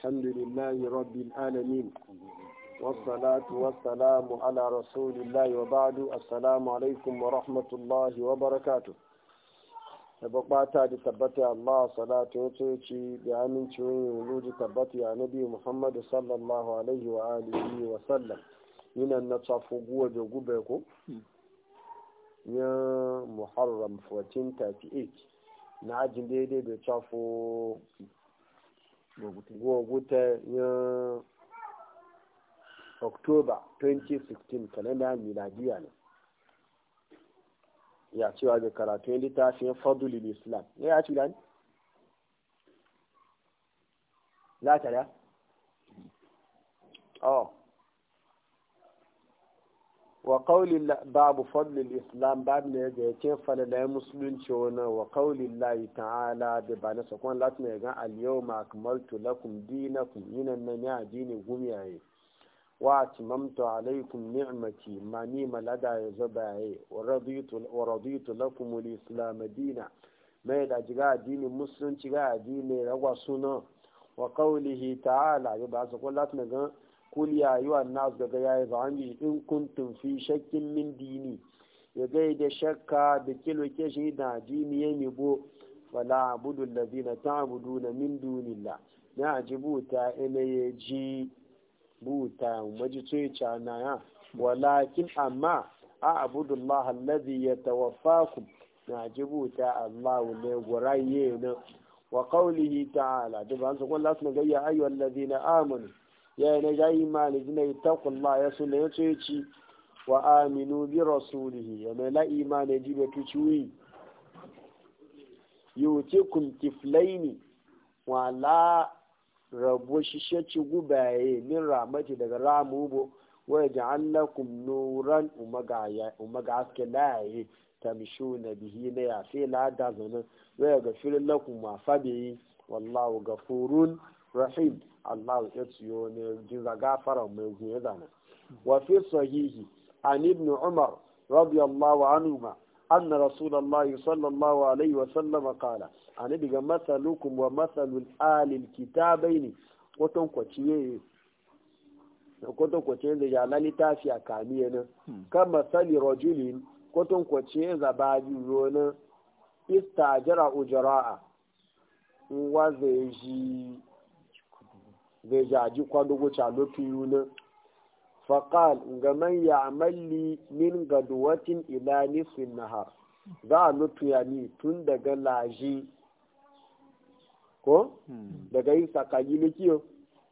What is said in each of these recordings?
الحمد لله رب العالمين والصلاة والسلام على رسول الله وبعد السلام da ya ce da tabbata ya nabi Muhammad sallallahu alaihi wa alihi wa sallam yana na tsafo da gube ko na ajin daidai da goguta yan october 2016 kalenda miladiya ne ya cewa da karatu yin littafin lili islam ne ya ci gani za ta oh wa qawli babu fadlil islam babu ne ga yake da musulunci wani wa qawli lahi ta'ala da ba na sakon latin ya ga al-yawma akmaltu lakum dinakum yinan nan ya dini gumiyaye wa atmamtu alaykum ni'mati ma ni malada ya zabaye wa raditu wa raditu lakum al-islam dina mai da jiga addini musulunci ga addini ragwa suna wa qawlihi ta'ala ya ba sakon latin ga kul ya yi wa daga ya yi zami in kuntum fi shakkin min dini ya gai da shakka da kilwake shi da dini ya bo fala abudu lazina ta abudu na min dunila ya ji buta ina ya ji buta maji tsoyica na ya walakin amma a abudu allah ya tawaffakum na ji buta allah ne guraye na wa qawlihi ta'ala da ba su kullu sun ga ya lazina amanu ya ne ga imani ta kula ya suna ya ce ci wa aminu bi rasulihi ya ne la imani ji ba tuci wi yutikum tiflaini wa la rabu shi ci gubaye min ramati daga ramubo wa ja'al lakum nuran umaga ya umaga ta laye tamishu na bihi na ya fi la da ga firin mafabe yi fabi wallahu furun rahim Allah ya ciyo ne jiza gafara mai goye zana wa fi sahihi an ibn Umar wa anuma radiyallahu anhuma anna yi sallallahu alaihi wa sallam qala an diga masalukum wa masalul alil kitabaini waton kwaciye kwaton kwaciye da ya lalita fi akamiye nan hmm. kama sali rajulin kwaton kwaciye zabaji ronan istajara ujara'a wa zai ji zai jaji aji kwado wuce a lokin yuna faƙal ga man ya amalli min gaduwatin ila nisfin nahar za a lotu ni tun daga laji ko daga yi sakayi na kiyo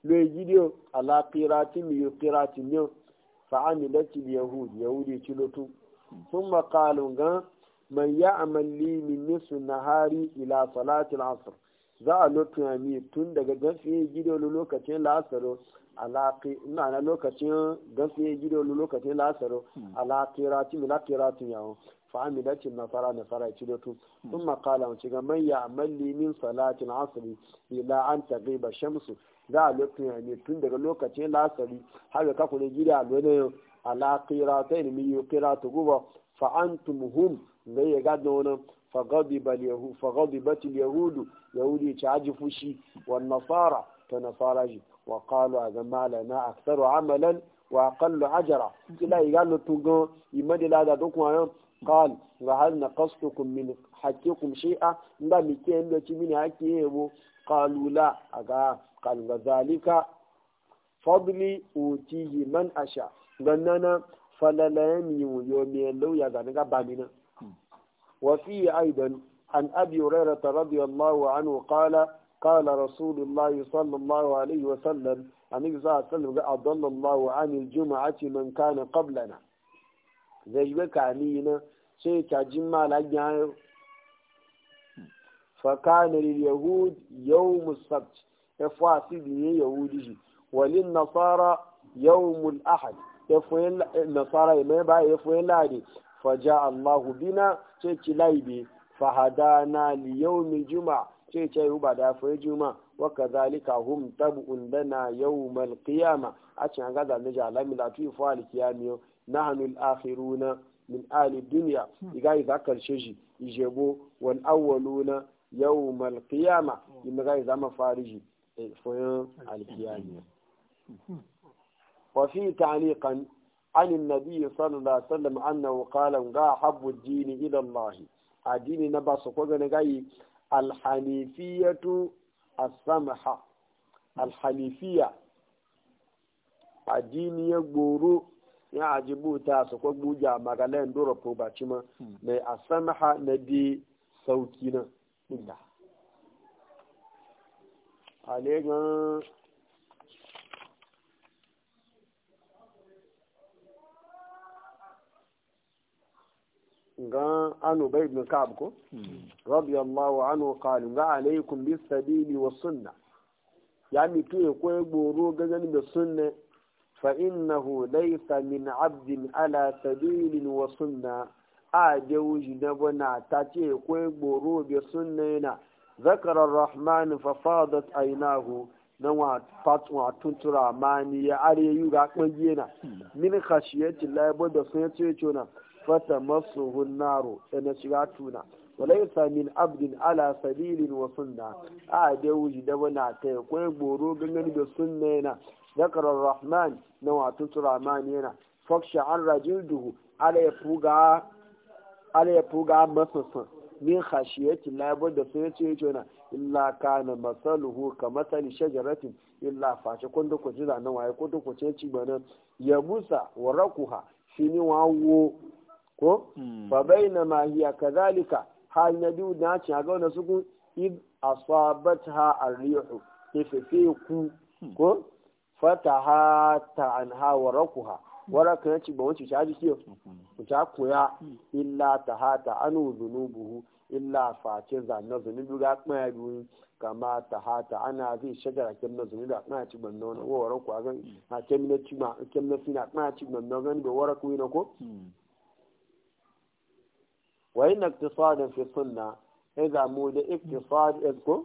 loyi gidiyo ala kirati mai kirati ne fa'amilatil latin yahudi yahudi ci lutu sun maƙalun gan man ya amalli min nisfin nahari ila salatin asir za a lo mi tun daga gafiye gida wani lokacin lasaro alaƙi ina lokacin gafiye gida wani lokacin lasaro hmm. alaƙirati milaƙirati yawon fa'amilacin nasara nasara ci da tu hmm. sun makala wace ga manya malli min salatin asiri ila an taɓe ba shamsu za a lo mi tun daga lokacin lasari har da kakule gida a lona alaƙirata ne mi yi kira ta guba fa'antum hum zai ya gadon wani فغضبت اليهود يهود تعج فشي والنصارى تنصارى وقالوا هذا ما لنا أكثر عملا وأقل عجرا إلا قالوا تقول يمد لا عيون قال وهل نقصتكم من حقكم شيئا لا مكين لك من حقهم قالوا لا قال وذلك فضلي أوتيه من أشاء غنانا فلا لا يمي يومي لو يغنى بامنا وفي أيضا عن أبي هريرة رضي الله عنه قال قال رسول الله صلى الله عليه وسلم عن النبي صلى الله عليه وسلم أضل الله عن الجمعة من كان قبلنا زي بك علينا شيء كجمع لجعه فكان لليهود يوم السبت إفواسي به يهودي وللنصارى يوم الأحد يفوين النصارى ما يبقى يفوين لعدي faja Allahu bina ce ci laibe na liyau mai juma ce ce ba da fai juma wa kadhalika hum tab'un yau mal kiyama a cin an gaza na jala mila tu fa yau na nahnu al na min ali duniya iga iza karshe shi ijego wal awwaluna yawmal qiyamah imaga iza mafariji eh, foyan al qiyamiyo hmm. wa fi ta'liqan عن النبي صلى الله عليه وسلم أنه قال غا حب الدين إلى الله الدين نبا سقوغن غاي الحنيفية السمحة الحنيفية الدين يقبورو ya ajibu ta su kwa buja magalayan dora ko ba cima mai asamaha na bi sauki na inda alegan gan anu bai ibn ka'ab ko hmm. wa anu qalu ga alaykum bis sabili was sunna ya mi to e ko gboro gangan da sunna fa innahu laysa min abdin ala sabilin wa sunna a je wuji na bana ta ce e ko gboro be sunna na zakara rahman fa fadat aynahu na wa fatwa tuntura mani ya are yu ga kwangiye na hmm. min khashiyati la bo da ya ce ce na fata masu naro sai na shiga tuna walai samin abdin ala sabilin wa sunna a da wuji da wana ta kwai goro gangan da sunna yana zakarar rahman na wato turaman yana faksha an rajin duhu ala ya fuga sun min ci labar da sun ce jona illa na masaluhu ka masali shajaratin illa face kwan duk zanen waye ko duk ci bana ya musa wa rakuha shi ni wawo ko hmm. fa baina ma hiya kadhalika hal nadu na ci ga wannan kun id asabatha a rihu ife ku hmm. ko fataha ta an anha wa ha wara na ci ba wace shaji ke ku ta koya hmm. illa tahata anu buhu illa face zanna zunubi ga kuma biyu kama tahata ana zai shagara kemna zunubi a kuma ci na wani wa rakuha ga kemna ci ma kemna fina kuma ci banna ga ni ba wara ku ko وين اقتصاد في السنة إذا مود اقتصاد إذكو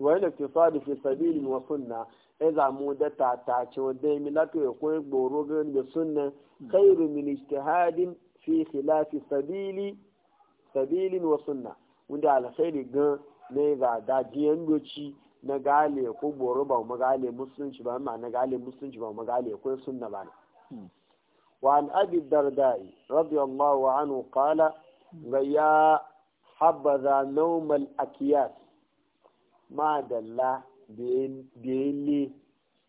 وين اقتصاد في سبيل وسنة إذا مود تعتاش ودائما لا تقول بروغن بسنة خير من اجتهاد في خلاف سبيل سبيل وسنة wanda على خير ne ga dajiyan doci na gale ko boro ba mu gale musulunci ba ma na gale musulunci ba mu وعن أبي الدرداء رضي الله عنه قال ga ya habaza normal akiyas ma dalla da ya le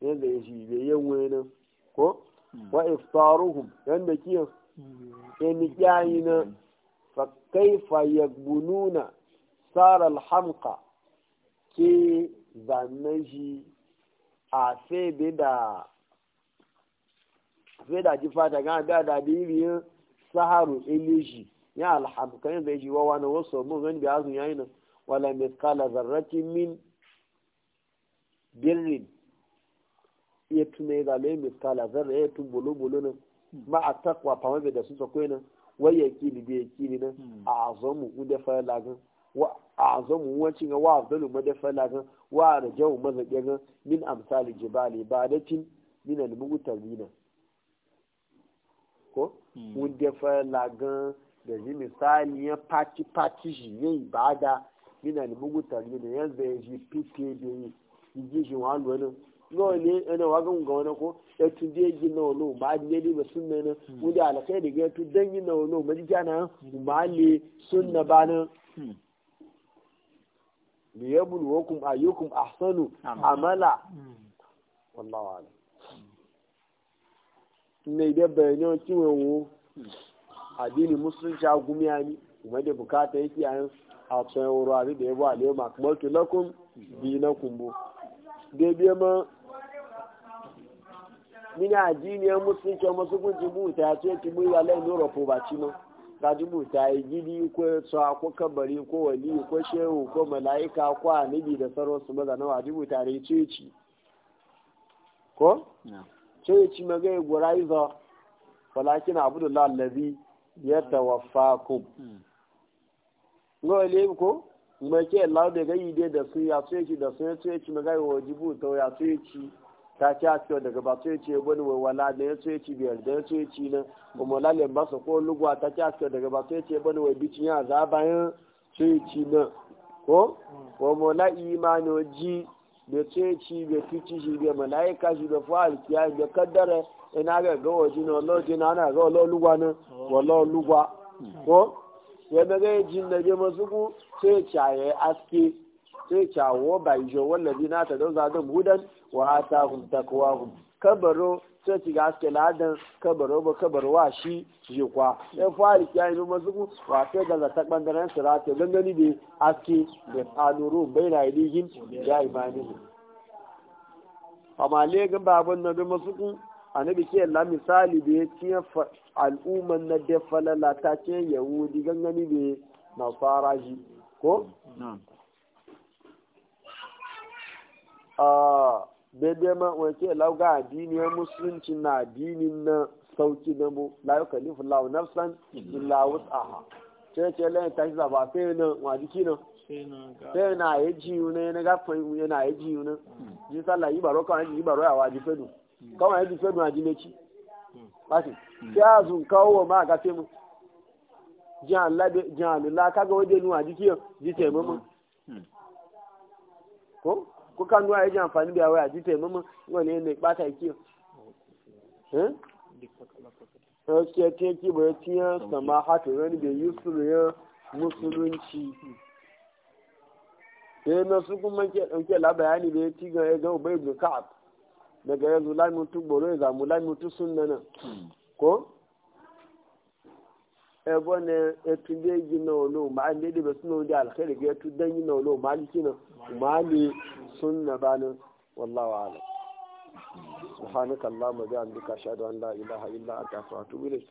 yadda ya shi da ya wani ko hmm. wa iftaruhum yadda kiyan hmm. ya nikiyayi na fa kaifa yagbununa sara alhamka ke zanne shi a sai da sai da ji fata ga da da biyu saharu ilishi ya alhamu kan zai ji wawa na wasu mun gani bi azun yayin nan wala mithqala zarrati min birrin ya tunai da lai mithqala zarra ya tun bulu bulu nan ma a takwa fama bai da su tsakwai nan wai ya kili bai ya kili nan hmm. a azamu da fa lagan wa a azamu wancin ga wa azalu ma da fa lagan wa rajau mazaƙe gan min amsali jibali ba da cin min almugutar ko wanda hmm. fara lagan da ji misali ya fati fati shi ya ibada yana da mugutar ne da ya zai ji fife da yi yi, shi wani wani nawa ne yana wa ga wani ko ya tun je ji nawa no ma ne ne ba sunna ne hmm. mu da alakai da ga tun dan yi nawa no ma ji jana ma le sunna ba nan hmm. liyabluwakum ayyukum ahsanu amala hmm. wallahu a'lam ne da bayanin kiwon wo addini musulunci a gumiya ni kuma da bukata yake yayin a tsayin wurare da ya ba ne ma kuma ki lakum bi na kumbo daidai ma mini addini ya musulunci masu kunci buta ya ce ki mu ya alai nora ko ba ci ma ka ji ta yi gidi ko tsawa ko kabari ko wali ko shehu ko mala'ika ko anibi da sauransu maza na wajibu buta da ce ci ko ce magai gura izo walakin da lalazi ya tawaffakum ngole ko mai ke de ga yi da su ya so yake da su ya so yake mai ga wajibu to ya so yake ta ci a ciwo daga ba so yake wani wala da ya so yake biyar da ya so yake nan ba mu lalle ba su ko lugwa ta ci a ciwo daga ba so yake wani wa bicin ya za bayan so yake nan ko ko mm. mu la imanoji da ceci da fici shi da mala'ika shi da fa'al da kaddara ina ga ga waje na wallahi na ana ga wallahi lugwa ne wallo lugwa ko ya da ga jin da je masu ku sai caye aske sai cawo bai jo wallahi na ta dauza da hudan wa takwa hum kabaro sai ci ga ke ladan kabaro ba kabaro wa shi je kwa ya fari ya yi numa zuku ba sai ga zata ɓangaren sirata gangani da aske da tsanuru bai na iligin ya yi amma ne ga babun na da musuku a na biki misali da ya ciye al'umman na falala ta ce yahudi gangani da nasara ji ko? daidai ma wace lauga addiniyar musulunci na addinin na sauki na mu la yau kalifu lau nafsan illa wutsaha ce ce lai ta shi zaba sai na wajiki na sai na ya ji yuna yana gafa yana ya ji yuna ji sallah yi baro kawai yi baro ya waji fedu kawai ya ji fedu a jineci basi ki a zun kawo ma a gafe mu jihan lalaka ga wajen nuwa jiki ji taimama hmm. ko ko kan duwa yaji amfani da waya ji ta mama wani ne ba ta ki eh ke ke ki ba tiya sama hatu wani da yusuru ya musulunci sai na su kuma ke dauke la bayani da ya ga ya e ga ubay ibn ka'ab daga yanzu la mutu boro ya e zamu la mutu sunna nan ko ebo ne etunde yi na olo ma ne de be sunu de alkhairi ke tu dan yi na olo ma likina mali na bani wallahu a'lam subhanakallahumma wa bihamdika ashhadu an la ilaha illa a astaghfiruka wa atubu ilayk